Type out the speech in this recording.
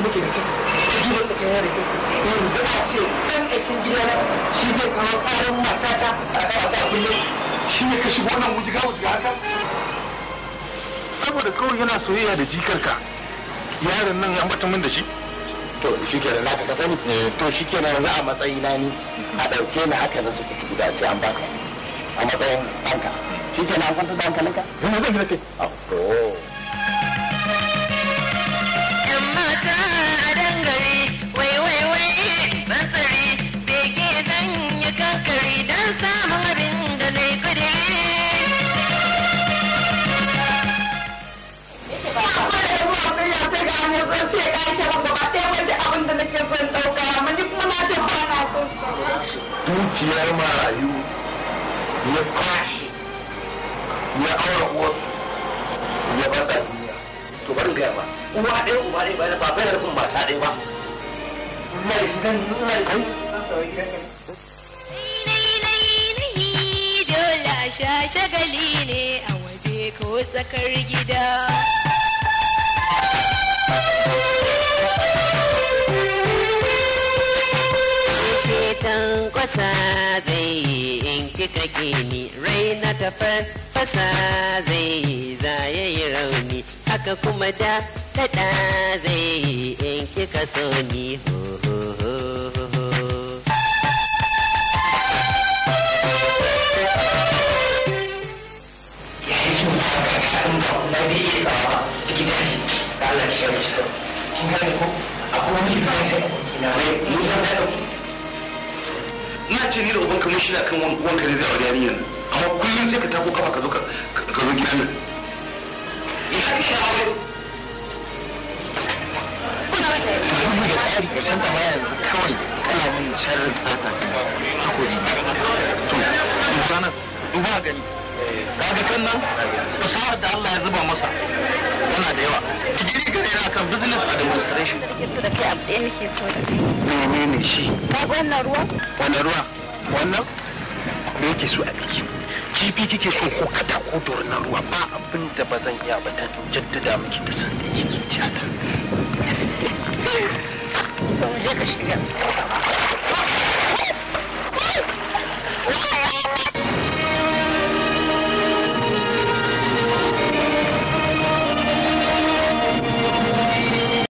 da muke da da kuka yare ke yanzu da a ce ɗan tsakin gidana shi zai kawo ƙarar matata a kan wata kullum shi ne ka saboda kawai yana soyayya da jikarka yaron nan ya mata min da shi to shi kenan za ka sani eh, to shi kenan yanzu a matsayi na ni a ɗauke ni haka na su kuci guda an baka a matsayin ɗanka shi kenan an kwanta ɗanka ninka yanzu zan yi na zan ce ya ke ba gaba ɗaya wanda abin da nake son ɗauka amma mani kuma na ce ba na son dukiyar marayu ya kwashi ya aure wasu ya bata duniya to bari gaya ba uwa ɗaya uba ɗaya ba ba bai da rufin mata ɗaya ba mai gidan mai gidan Jola shagali ne a waje ko tsakar gida. Shetan kwasa zai in kika ni raina ta fasa zai zaye yi rauni haka kuma da daɗa zai in kika so ni ho ho ho ho. Allah shi ya mishi karo kin gane ko akwai wani ibrahim sai na rai musa ya dauki ina ce ni da ubanka mun shirya kan wanka ne zai aure yarinyar amma kullum sai ka tako kafa ka zo ka zo gidan nan ina ka shirya aure kawai kana mun sharrin tsaka hakuri to sana gani kaga kan nan fasahar da Allah ya zuba masa yana da yawa digiri gare yana kan business administration da ke abu ɗaya nake so da mene ne shi ka wannan ruwa wannan ruwa wannan me yake so a ciki kifi kike so ko kada ko na ruwa ba abin da ba zan iya ba ta jaddada miki da san da yake zuciya ta je ka shiga